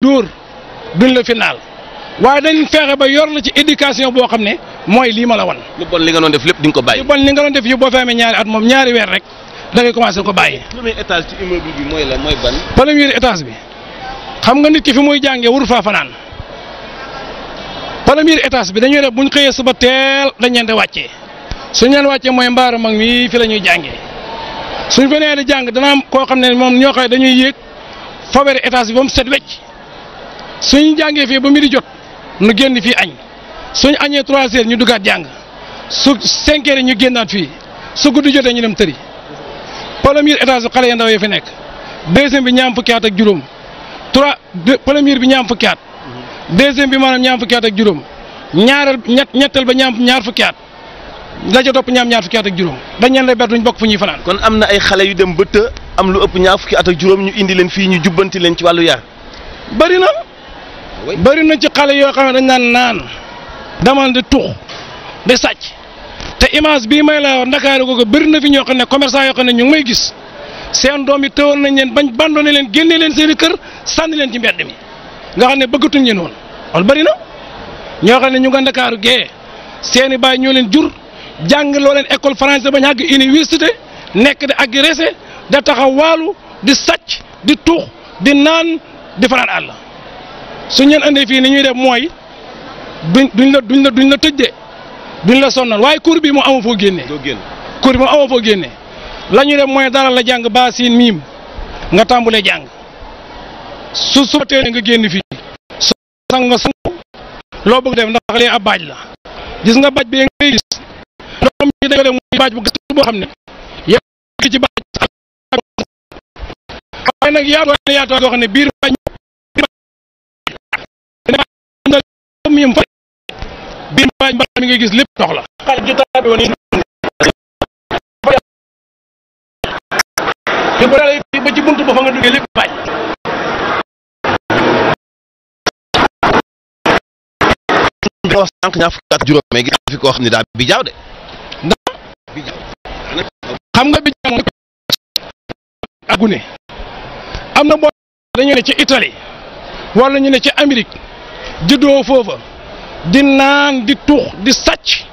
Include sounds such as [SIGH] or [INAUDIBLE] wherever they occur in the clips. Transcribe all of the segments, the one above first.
dóor duñ la final waaye dañ feexe ba yor la ci éducation boo xam ne mooy lii ma la wan. lu bon li nga doon def lépp di nga ko bàyyi. lu bon li nga doon def yi boo fi amee ñaari at moom ñaari weer rek da ngay commencé ko bàyyi. premier étage ci immeuble bi mooy la mooy ban. premier étage bi xam nga nit ki fi muy jàngee wur faa fanaan premier étage bi dañuy def buñ xëyee suba teel dañ leen di wàccee suñ leen wàccee mooy mbaaru mag mi fi la ñuy jàngee suñ fa nee di jàng dana am koo xam ne moom ñoo xam dañuy yéeg fobere étage bi ba mu set wecc ñu jàngee fii ba di jot nu génn fii añ suñ añee trois heures ñu duggaat jàng su cinq heures ñu génnaat fii su guddi jotee ñu dem tëri premier étage bi xale ya ndaw yi fi nekk deuxième bi ñaam fukki at ak juróom trois premier bi ñaam fukki at deuxième bi maanaam ñaam fukki at ak juróom ñaareel ñett ñetteel ba ñaam ñaar fukki at la ca topp ñaam ñaar fukki at ak juróom dañ leen lay bett duñ bokk fu ñuy fanaan. kon am na ay xale yu dem bëtt am lu ëpp ñaar fukki at ak juróom ñu indi leen fii ñu jubbanti leen ci wàllu yar. bëri na ci xale yoo xam ne dañ naan naan damal di tux di sàcc te image bii may la wax Ndakaaru googu bëri na fi ñoo xam ne commerçant yoo xam ne ñu ngi may gis seen doom yi teewoon nañ leen bañ bandoone leen génnee leen seen i kër sànni leen ci mbedd mi nga xam ne bëggatuñ leen woon loolu bëri na ñoo xam ne ñu nga Ndakaaru gee seen i baay ñoo leen jur jàng loo leen école français bañ àgg université nekk di agressé da taxaw waalu di sàcc di tuux di naan di fanaan àll suñ leen andee fii ni ñuy def mooy duñ duñ la duñ la duñ la tëj de duñ la sonnal waaye cour bii moo amoo foo génnee. doo génn cour bi moo amoo foo la ñuy def mooy dara la jàng ba siin miim nga tàmbulee jàng su su tee nga génn fii. soo sang nga sang loo bëgg def ndax lee ab baaj la gis nga baaj bee ngay gis yi dañoo dem muy baaj bu gàtt boo xam ne yow ci baaj waaye yaatu goo xam ne biir baaj mi nga gis lépp ndox la ba ci buntu ba fa nga duggee lépp baaj bi jaaw de xam nga bi jaaw mooy agune am na boo dañu ne ci Italie wala ñu ne ci Amérique juddoo foofa di naan di tuux di sàcc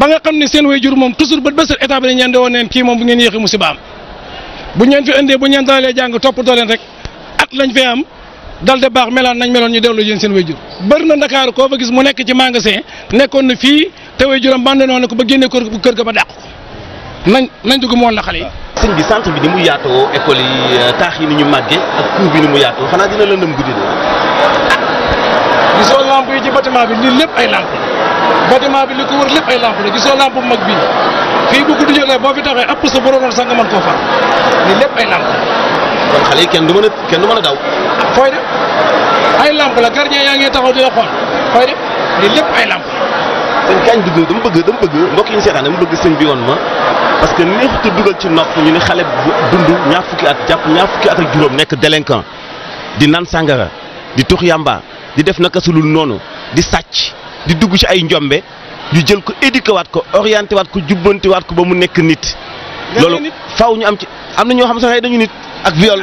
ba nga xam ne seen waajur moom toujours ba bésal état bi dañ leen di woon neen kii moom bu ngeen yéexi musiba am bu ñeen fi indee bu ñeen dalalee jàng toppatoo leen rek at lañ fee am dal de baax melaan nañ meloon ñu dellu yéen seen waajur bëri na Ndakaaru koo fa gis mu nekk ci magasin nekkoon na fii te waajuram bandonoo na ko ba génnee kër kër ga ba dàq nañ nañ dugg moo la xale yi sëñ bi centre bi ni mu yaatoo école yi euh, taax yi ni ñu màggee ak bi ni mu yaatoo xanaa dina lëndëm guddi gisoo lamp yi ci bâtiment bi lii lépp ay lamp bâtiment bi li ko wër lépp ay lamp la gisoo lamp bu mag bii fii bu guddi jotee boo fi taxee app sa boroonoon sax nga mën koo far lii lépp ay lamp kon xale yi kenn du mën a kenn daw ah, fooy def ay lamp la gardien yaa ngi taxaw di la xool fooy def lii lépp ay lamp sëñ kañ dugg dama bëgg dama bëgg mbokk yi ñu seetaan dama bëgg sëñ bi woon ma parce que neexutu dugal ci nopp ñu ne xale dund ñaar fukki at jàpp ñaa fukki at juróom nekk délinquant di naan sàngara di tux yàmba di def naka sulul noonu di sàcc di dugg ci ay njombe ñu jël ko éduqué waat ko orienté waat ko jubbanti waat ko ba mu nekk nit. loolu faw ñu am ci am na ñoo xam sax dañu nit ak viol.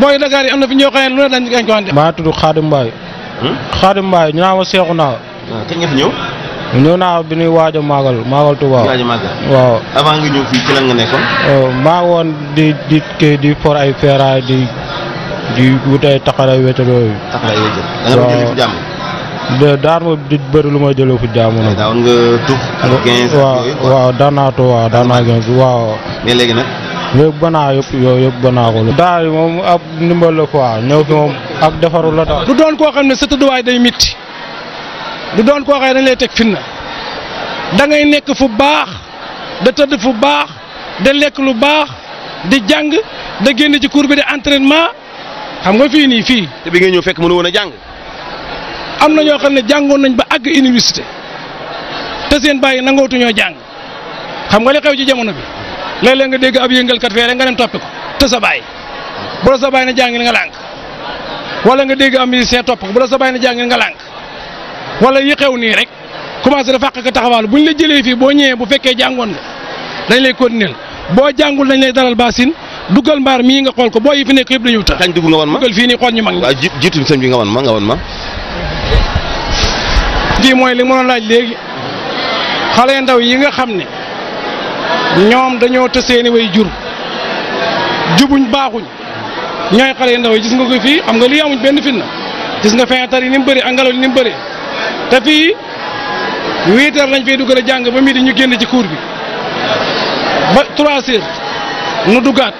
booy Dakar yi am na fi ñoo xam ne lu ne dañ dañ ko andi. maa tudd Xaadim Mbaye. Xaadim hmm? Mbaye ñu naan ma seexu naa. waaw ah, kañ ñëw. naa bi ñuy waaj a màggal màggal Tuubaa. waaj waaw. avant nga ñëw fii ci lan euh, maa woon di di kii di for ay feeraay di. di wutee taxaray wéccel yooyu. taxaray wéccel da nga doon jëlee fu jàmm. de daan ma di bëri lu may jëlee fu jàmm nag. daawoon nga tuuf ak 15 waaw waaw daan naa tuuf waaw daan naa 15 waaw. mais léegi nag. yëpp ba naa yëpp yooyu yëpp ba naa ko. daal moom ab ndimbal la quoi ñëw fi moom ak defaru la tax. du doon koo xam ne sa tëdduwaay day mitti du doon koo xam ne dañ lay teg finna da ngay nekk fu baax da tëdd fu baax da lekk lu baax di jàng da génn ci cour bi di entraînement. xam nga fii nii fii. te bi ngee ñëw fekk mënu woon a jàng. am na ñoo xam ne jàngoon nañ ba àgg université te seen bàyyi nangootu ñoo jàng xam nga li xew ci jamono bi léeg-léeg nga dégg ab yëngalkat fee rek nga dem toppi ko te sa bàyyi bu la sa bàyyi na jàngil nga lànk wala nga dégg am musicien topp ko bu la sa bàyyi na jàngil nga lànk wala yi xew nii rek commencé da fàq ko bu buñ la jëlee fii boo ñëwee bu fekkee jàngoon nga dañ lay continuer boo jàngul dañ lay dalal baasin duggal mbaar mii nga xool ko booy yi fi nekk yëpp dañuy ta kañ dugg nga wan ma duggal fii nii xool ñu mag ñi. waaw jiitu bi nga wan ma nga wan ma. lii mooy li laaj léegi xale ndaw yi nga xam ne ñoom dañoo te seeni way jur jubuñ baaxuñ ñooy xale ndaw yi gis nga ko fii xam nga lii amuñ benn fitna gis nga fenêtre yi ni mu bëri angalaw yi ni mu bëri te fii huit heures lañ fay dugal a jàng ba midi ñu génn ci kuur bi ba trois heures nu duggaat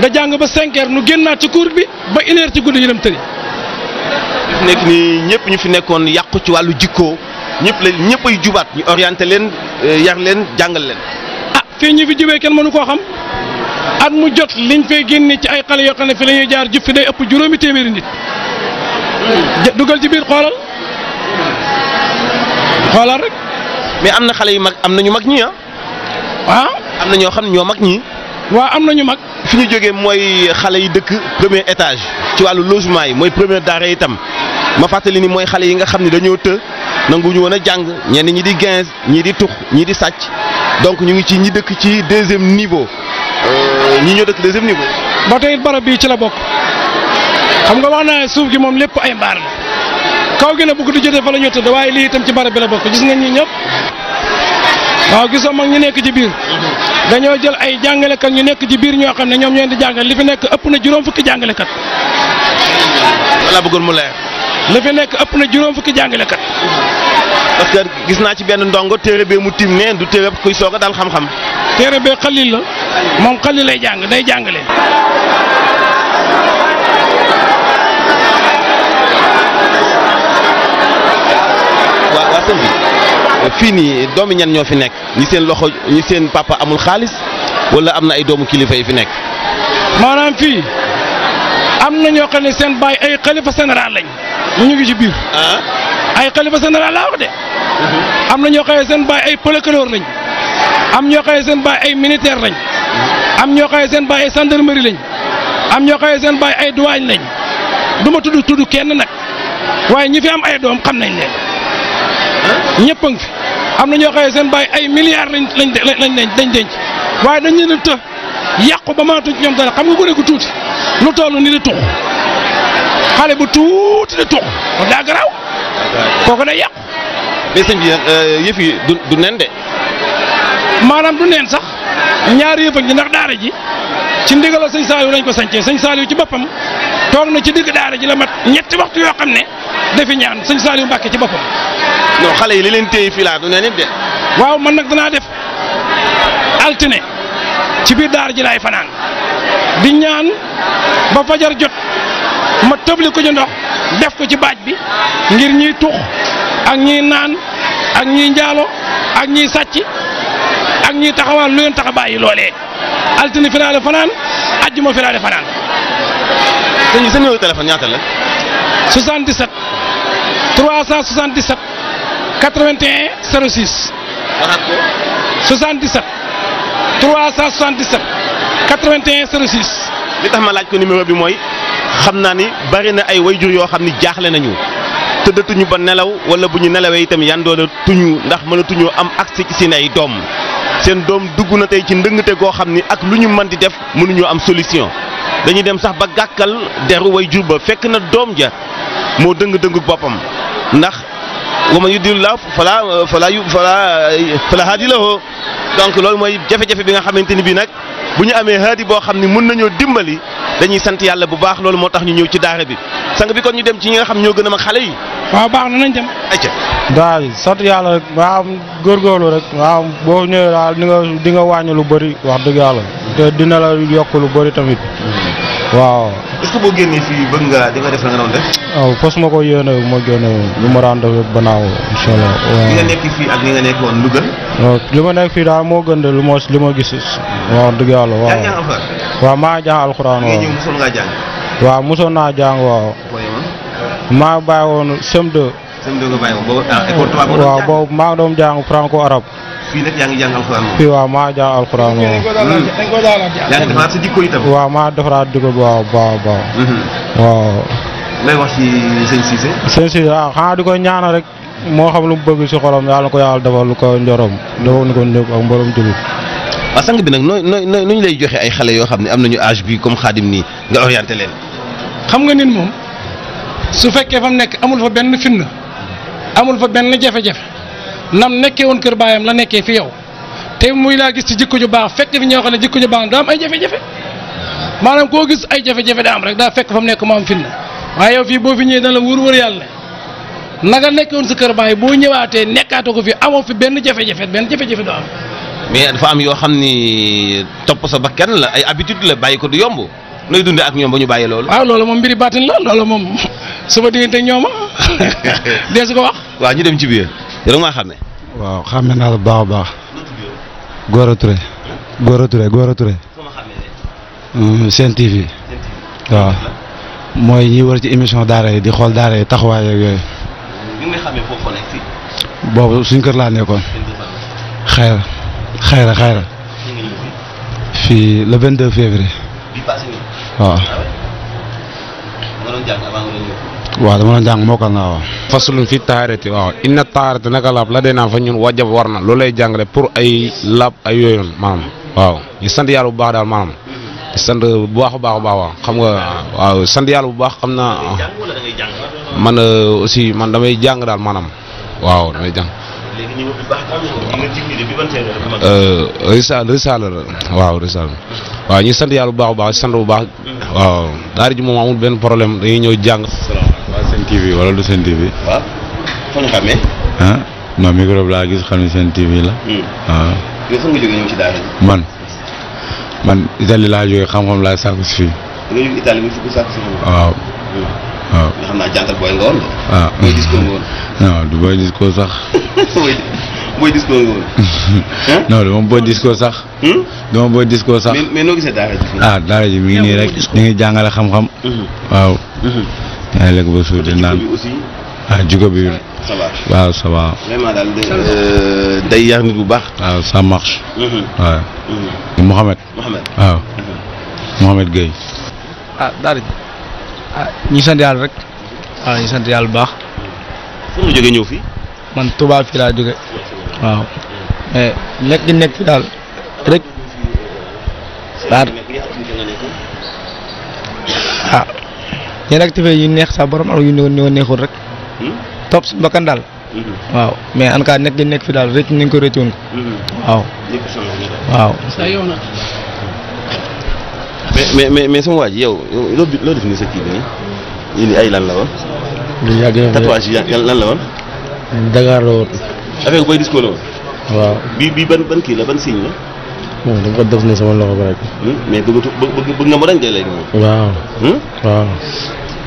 nga jàng ba 5 heures nu génnaat ci cour bi ba une ci guddi ñu dem tëri. fi nekk nii ñëpp ñu fi nekkoon yàqu ci wàllu jikkoo ñëpp la ñëpp jubaat ñu orienté leen euh, yar leen jàngal leen. a ah, fii ñu fi jubee kenn mënu koo xam at mu jot liñ fay génne ci ay xale yoo xam ne fi la jaar jub fi day ëpp juróomi téeméeri nit. dugal ci biir xoolal xoolal rek. mais am na xale yu mag am na ñu mag ñi ah. ah? am na ñoo xam ne ñoo mag ñi. waa am na ñu mag. fi ñu jógee mooy xale yi dëkk premier étage ci wàllu logement yi mooy premier daara itam ma fàttali ni mooy xale yi nga xam ne dañoo të ñu woon a jàng ñenn ñi di quinze ñii di tux ñii di sàcc donc ñu ngi ci ñi dëkk ci deuxième niveau euh, ñi ñoo dëkk deuxième niveau. ba tey barab bii ci la bokk xam nga wax naa suuf gi moom lépp ay mbaar la kaw gi la bëgg di jotee fa la ñu tëdd waaye lii itam ci barab bi la bokk gis nga ñi ñëpp waaw gisoo mag ñi nekk ci biir dañoo jël ay jàngalekat ñu nekk ci biir ñoo xam ne ñoom ñoo di jàngale li fi nekk ëpp na juróom fukki jàngalekat. wala bëggul mu leer. li fi nekk ëpp na juróom fukki jàngalekat. parce que gis naa ci benn ndongo téere bee mu tim ne du téere kuy soog a daal xam-xam. téere bee xalil la moom xalil lay jàng day jàngale. fii nii doomi ñan ñoo fi nekk ñi seen loxo ñi seen papa amul xaalis wala am na ay doomu kilifa yi fi nekk. maanaam fii am na ñoo xam ne seen baay ay xalifa général lañ ñu ngi ci biir. Ah. ay xalifa général laa wax de. Mhm. am na ñoo xam ne seen baay ay pëlëkëloor lañ am ñoo xam ne seen baay ay militaire lañ am ñoo xam ne seen baay ay gendarmerie lañ am ñoo xam ne seen baay ay douane lañ du ma tudd tudd kenn nag waaye ñi fi am ay doom xam nañ leen. ñëpp a ngi fi am na ñoo xëyee seen bàyyi ay milliards lañ lañ lañ lañ denc waaye dañ leen a të yàqu ba mënatuñ ñoom dara xam nga gone gu tuuti lu toll ni di tux xale bu tuuti di tux kon daa garaaw kooku day yàqu. mais sëñ bi euh, yëf yi du du nen de. maanaam du neen sax ñaari yëf ak ñi ndax daara ji ci ndigalal sëñ Saliou lañ ko sancee sëñ Saliou ci boppam toog na ci digg daara ji la mat ñetti waxtu yoo xam ne dafi ñaan sëñ Saliou Mbàkke ci boppam. non xale yi li leen téye fii laa du de. waaw man nag danaa def altine ci biir daar ji laay fanaan di ñaan ba fajar jot ma tëbli ko ci ndox def ko ci baaj bi ngir ñiy tux ak ñiy naan ak ñiy njaalo ak ñiy sàcc ak ñiy taxawaan lu leen tax a bàyyi loolee altine fi laa de fanaan ajjuma fi laa fanaan. sëñ sa numéro téléphone ñaata la. 77 81 06. waxaat ko. 77. 377. 81 06. li tax ma laaj ko numéro bi mooy xam naa ni bari na ay wayjur yoo xam ni jaaxle nañu tëddatuñu ba nelaw wala bu ñu nelawee itam yandoole tuñu ndax mënatuñu am accès ci seen ay doom seen doom dugg na tey ci ndëngte goo xam ni ak lu ñu mën di def mënuñu am solution dañuy dem sax ba gàkkal deru wayjur ba fekk na doom ja moo dëng dëngu boppam ndax. waman yudil la fala fala fala fala haadi lahu donc loolu mooy jafe-jafe bi nga xamante ni bii nag bu ñu amee haadi boo xam ne mun nañoo dimbali dañuy sant yàlla bu baax loolu moo tax ñu ñëw ci daara bi sang bi kon ñu dem ci ñi nga xam ñoo gën a mag xale yi. waaw baax na nañ dem. ayca. daal sant yàlla rek waaw góorgóorlu rek waaw boo ñëwee daal di nga di nga wàññi lu bëri wax dëgg yàlla te dina la yokk lu bëri tamit. waaw est ma ko yéene ma génne lu ma daan banaaw incha allah. waaw gën. waaw lu ma li dëgg yàlla waaw maa jàng alxuraan waaw. maa bàyyi woon sem 2. Ah, waaw boobu maa ngi doon franco arabe. fii nag maa jàng alxuraan moom. maa defaraat jikko bu baax a baax. waaw. Mhm. lay wax ci sëñ Cissé. sëñ Cissé waaw ah, xanaa di ko ñaanal rek moo xam lu mu bëgg si xolam yàlla na ko yàlla defal lu ko njorom. defal ni ko ñëpp ak mborom jullit. waaw sang bi nag nooy lay joxe ay xale yoo xam ne am nañu âge bi comme xaadim nii nga orienté leen. xam nga nit moom su fekkee fa nekk amul fa benn fitna amul fa benn jafe-jafe nam nekkee woon kër baayam la nekkee fi yow te muy laa gis ci jikko ju baax fekk fi ñoo xam ne jikko ñu baax daa am ay jafe-jafe maanaam koo gis ay jafe-jafe daa am rek daa fekk fa mu nekk mu am fitna waaye yow fii boo fi ñëwee dana la wër-wër yàlla na nga nekkee woon sa kër baay boo ñëwaatee nekkaatoo ko fi amoo fi benn jafe-jafe benn jafe-jafe doo am. mais dafa am yoo xam ni topp sa ba bakkan la ay habitude la bàyyi ko du yomb nooy dundee ak ñoom ba ñu bàyyi loolu. waaw loolu moom mbiri baatin la loolu moom sama [LAUGHS] diggante ñoom ah [LAUGHS] [LAUGHS] dee wax. waaw ñu dem ci biir. yow maa xàmme. waaw xàmme naa la baax a baax. Gora Touré. Gora Touré Gora Touré. Sen TV. waaw mooy ñi war ci émission daara yi di xool daara yi taxawaay ak yooyu. boobu suñ kër laa nekkoon. xayra xayra xayra. fii le 22 février. waaw. Ah waaw dama doon jàng mokkal naa waaw. fasulun fi taharati waaw inna taharati naka laab la dee naa fa ñun wajab war na loolu lay jàngale pour ay laab ay yooyu waa maanaam waaw di sant yàlla bu baax daal maanaam di sant bu baax a baax a baax waaw xam nga waaw bu baax xam naa man euh, aussi man damay jàng daal maanaam waaw damay jàng. léegi euh, ñu risaal risaal la waaw risaal waaw ñu sant bu baax a baax sant bu baax. waaw daara ji moom amul benn problème dañuy ñëw jàng. seen TV wala du seen TV. Ah, micro laa gis xam ne seen TV man man laa jógee xam-xam laa sàkku si fii. da nga jóg Italie fi sàkku si fii. waaw. Hmm. Ah. [LAUGHS] du booy disco sax. [LAUGHS] booy disco nga woon. [LAUGHS] non du ma booy disco sax. Hmm? du ma booy disco sax. mais ji. ah ngi nii rek ñu ngi jàngale xam-xam. Hmm. waaw. yaa ngi lekk ba suur di naan ah jugo bi waaw ça euh, day yar nit bu baax. waaw ah, ça marche. waaw. Mhm. Mhm. Mouhamed. Mouhamed waaw. Ah. Mhm. Mouhamed Gueye. ah daal ah ñu sant yàlla rek. waaw ah, ñu sant yàlla baax. fu mu jógee ñëw fii. man Touba fii laa jóge waaw. mais eh, nekk nekk fi daal rek. daal ah. yenn activités yu neex sa borom ak yu ñu neexul rek. Hmm? topp bakkan daal. Hmm. waaw mais en tout cas nekk nekk fi daal rëcc nañ ko rëccoon ko. Hmm. waaw. waaw. mais mais mais sama waa ji yow loo loo sa kii bi nii ay lan la lu yàgg na tatouage yi lan la la woon. affaire booy disco waaw bi bii ban ban kii la ban signe la. moom da ko def ne sama loxo ba rek. mais bëgg bëgg bëgg nga mu dañ moom. waaw.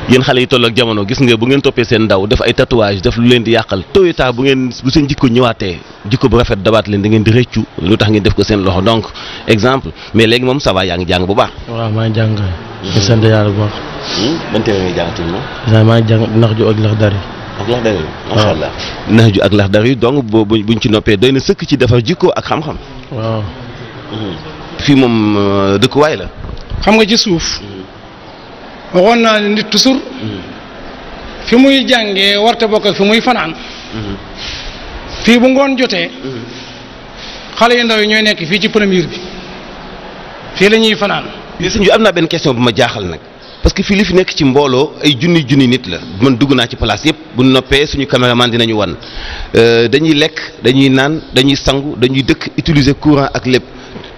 yéen xale yi toll ak jamono gis nga bu ngeen toppee seen ndaw def ay tatouage def lu leen di yàqal tôt ou tard bu ngeen bu seen jikko ñëwaatee jikko bu rafet dabaat leen da di rëccu lu tax ngeen def ko seen loxo donc exemple mais léegi moom ça va yaa ngi jàng bu baax. waaw maa ngi jàng. di sant yàlla bu baax. Hmm? ban téere ngay jàng tuuti maa ngi nax ju ak lax dari. ak lax dari macha allah. nax ju ak lax dari donc boobu buñ ci noppee doy na sëkk ci defar jikko ak xam-xam. waaw. Hmm. fii moom euh, dëkkuwaay la. xam nga ci suuf. Hmm. waxoon naa ne nit toujours fi muy jàngee warte bokk fi muy fanaan fii bu ngoon jotee xale yu ndaw yi ñooy nekk fii ci première bi fii la ñuy fanaan sëñ bi am naa benn question bu ma jaaxal nag parce que fii li fi nekk ci mbooloo ay junni junni nit la man dugg naa ci place yëpp bu noppee suñu caméraman dinañu wan euh, dañuy lekk dañuy naan dañuy sangu dañuy dëkk utiliser courant ak lépp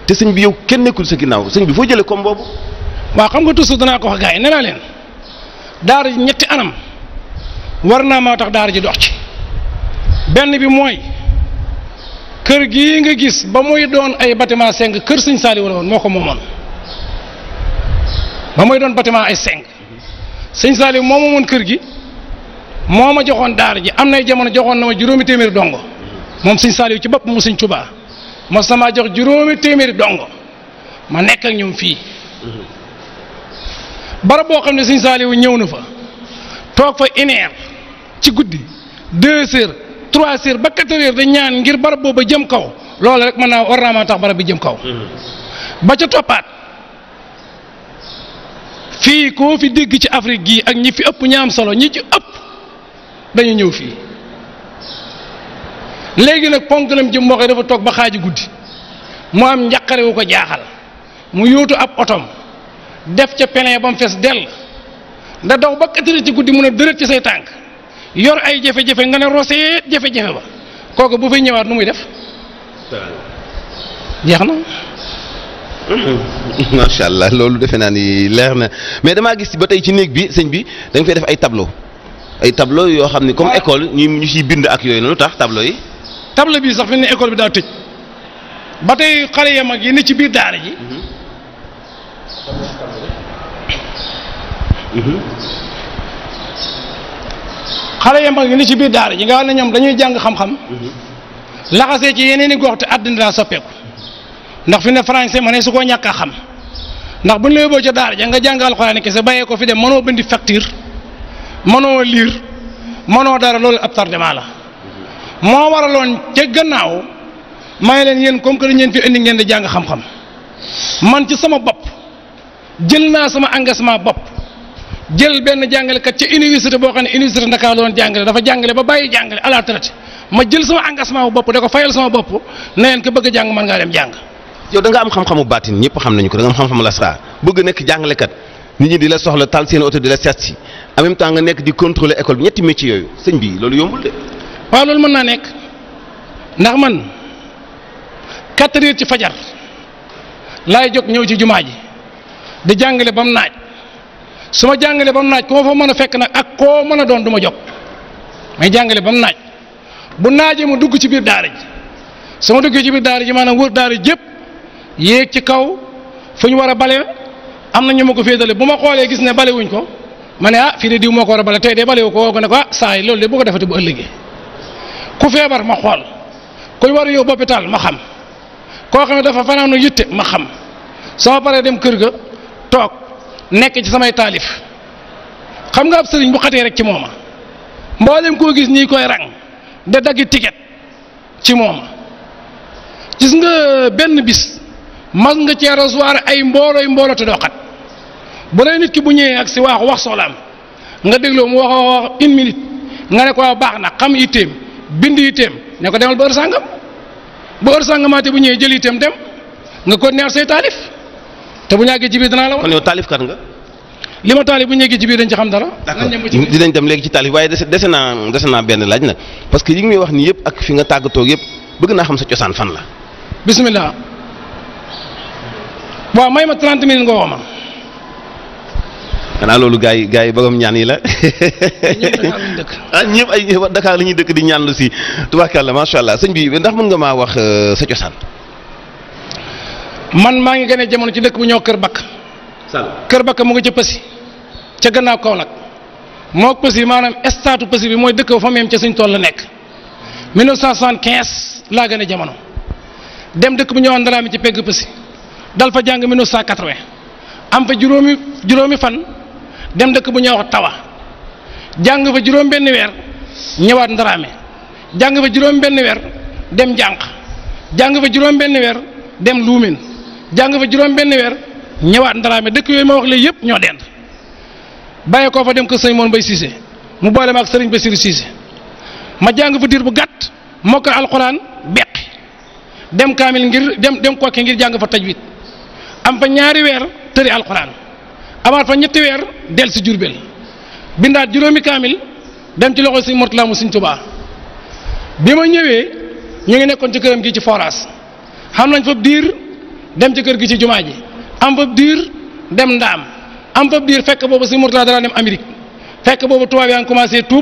te sëñ bi yow kenn nekkul sa ginnaaw sëñ bi foo jëlee comme boobu waaw xam nga toujours danaa ko wax gars yi ji ñetti anam war naa maa tax daara ji dox ci benn bi mooy kër gii nga gis ba muy doon ay bâtiment cinq kër sëñ Saaliw la woon moo ko moomoon ba muy doon bâtiment ay cinq sëñ Saaliw moomoon kër gi moo ma joxoon daar ji am nay jamono joxoon na ma juróomi téeméeri dongo moom sëñ Saaliw ci bopp mu sëñ Tuubaa mos na maa jox juróomi téeméeri dongo ma nekk ak ñoom fii barab boo xam ne sëñ Saaliwu ñëw na fa toog fa une ci guddi deux heures trois ba quatre heures da ñaan ngir barab booba jëm kaw loolu rek mën naa war naa mën tax barab bi jëm kaw mm-hmm. ba ca toppaat fii koo fi dégg ci Afrique gii ak ñi fi ëpp ñaam solo ñi ci ëpp dañu ñëw fii léegi nag ponkalam jëm moo koy dafa toog ba xaaji guddi mu am njaqare ko jaaxal mu yóotu ab otom def ca pelin ba mu fees dell nda daw ba katari ci guddi mu ne dërët ci say tànk yor ay jafe-jafe nga ne roseet jafe-jafe ba kooku bu fay ñëwaat nu muy def jeex na [LAUGHS] macha allah loolu defe naa ni leer na mais damaa gis ba tey ci néeg bi sëñ bi da nga def ay tableau ay tablo yoo xam ne comme école ñu ñu ciy bind ak yooyu noonu tax tablo yi. tableau bi sax fi ne école bi daa tëj ba tey xale ya mag yi ne ci biir daara ji. Mhm. xale ya mag yi ni ci biir daara ji nga xam ne ñoom dañuy jàng xam-xam laxasee ci yeneen i gox te àddina daa soppeeku ndax fi ne français ma ne su ko ñàkk xam ndax bu ñu la yóbboo ca daara ja nga jàng alxuraan kese bàyyee ko fi dem mënoo bindi mënoo liir mënoo dara loolu ab tardement la moo waraloon ca gannaaw may leen yéen comme que dañ leen fi indi ngeen di jàng xam-xam man ci sama bopp jël naa sama engagement bopp jël benn jàngalekat ca université boo xam ne université Ndakaaru la jàngale dafa jàngale ba bàyyi jàngale à la traite ma jël sama engagement bopp da ko fayal sama bopp na leen ko bëgg a jàng mën ngaa dem jàng. yow da nga am xam ñëpp xam nañu ko da nga am xam-xamu lasraar bëgg nekk nit ñi di la soxla taal seen oto di la seet si en même nga nekk di contrôler école bi ñetti métiers yooyu sëñ bi loolu yombul de. waaw loolu mën naa nekk ndax man quatre heures ci fajar laay jog ñëw ci jumaa ji di jàngale ba mu naaj su ma jàngalee ba mu naaj ku ma fa mën a fekk nag ak koo mën a doon du ma jóg may jàngale ba mu naaj bu naajee mu dugg ci biir daara ji su ma duggee ci biir daara ji maanaam wër daara jëpp yéeg ci kaw fu ñu war a bale am na ñu ma ko féetale bu ma xoolee gis ne bale ko ma ne ah fii de diw moo ko war a bale tey de bale wu ko woo ne ko ah saa loolu de bu ko defati bu ëllëgee ku feebar ma xool ku war a yóbbu hôpital ma xam koo xam ne dafa fanaanu yitte ma xam sama paree dem kër ga toog. nekk ci samay taalif xam nga ab sëriñ bu xatee rek ci mooma mboolem koo gis ñi koy rang da daggi ticket ci mooma gis nga benn bis mas nga cee recevoir ay mboolooy mbooloo te doo xat bu dee nit ki bu ñëwee ak si waaxu wax soxlaam nga dégloo mu wax wax une minute nga ne ko baax na xam itteem bind itteem ne ko demal ba heure sàngam ba bu ñëwee jël itteem dem nga ko neer say taalif te bu ñàggee ci biir danaa la wax li ma taalif bu ñu yeggee ci biir dañ ci xam dara. d'accord dinañ dem léegi ci taalif waaye dese dese naa dese naa benn laaj nag parce que yi ngi wax nii yëpp ak fi nga tàggatoo yëpp bëgg naa xam sa cosaan fan la. bismillah waaw may ma 30 minutes nga xanaa loolu gars yi gars yi borom ñaan yi la. [LAUGHS] ah ñëpp ay Dakar la ñuy dëkk di ñaan lu si tubaarkàlla macha allah sëñ bi ndax mën nga maa wax euh, sa cosaan. man maa ngi gën a jamono ci dëkk bu ñoo Kër Bakk. kër bakka mu nga ca pësi ca gannaaw Kaolack moo pësi maanaam statu pësi bi mooy dëkk fa meem ca suñ tool la nekk 1975 laa gën jamono dem dëkk bu ñëwoon Ndaraami ci pegg pësi dal fa jàng 1980 am fa juróomi juróomi fan dem dëkk bu ñuy wax Tawa jàng fa juróom benn weer ñëwaat Ndaraami jàng fa juróom benn weer dem jànq jàng fa juróom benn weer dem luumin jàng fa juróom benn weer ñëwaat ndaraame dëkk yooyu ma wax léegi yëpp ñoo dend bàyyi koo fa dem ko sëñ moon bay siise mu boole ma ak sëriñ ba siise ma jàng fa diir bu gàtt mokkal alxuraan beqi dem kaamil ngir dem dem kokki ngir jàng fa tajwid am fa ñaari weer tëri alxuraan amaat fa ñetti weer del ci jurbel bindaat juróomi kaamil dem ci loxo sëñ Murtala mu sëñ Tuubaa bi ma ñëwee ñu ngi nekkoon ci këram gi ci forage xam nañ fa diir dem ci kër gi ci jumaa ji am fab diir dem ndaam am fab diir fekk boobu si Mourtada dana dem Amérique fekk boobu tubaab yaa ngi commencé tuub